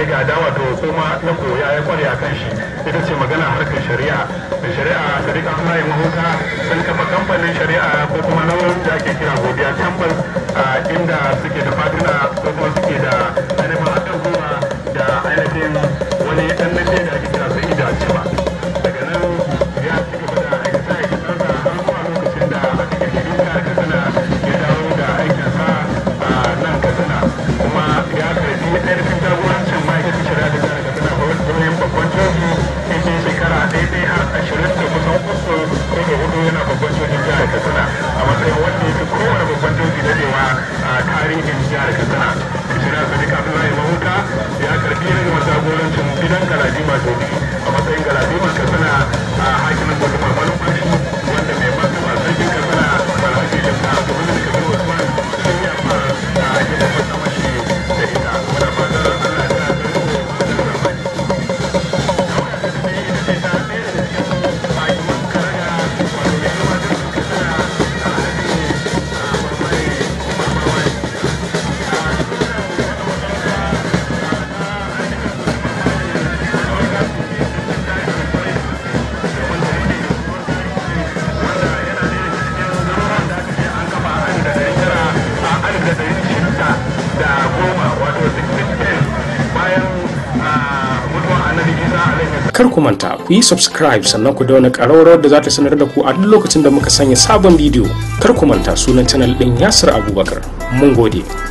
ya gada wato kuma na koya ya kware a kan shi ita ce magana harkar shari'a da shari'a sadiq abdullahi mahuka sun kafa kamfanin shari'a ko kuma na da ake kira godiya a inda suke da fatina ko kuma suke ashirin da kusan uku ko da hudu yana babban sojin jihar katsina a matsayin wanda ya fi kowane babban doki dadewa a tarihin jihar katsina shina sadiq abdullahi mahuta ya karbi rage jagorancin gidan galadima doki a matsayin galadima katsina a hakimin gudu kar ku manta ku yi subscribe sannan ku dauna ƙararrawar da za ta sanar da ku a duk lokacin da muka sanya sabon bidiyo kar ku manta sunan channel ɗin yasir abubakar mun gode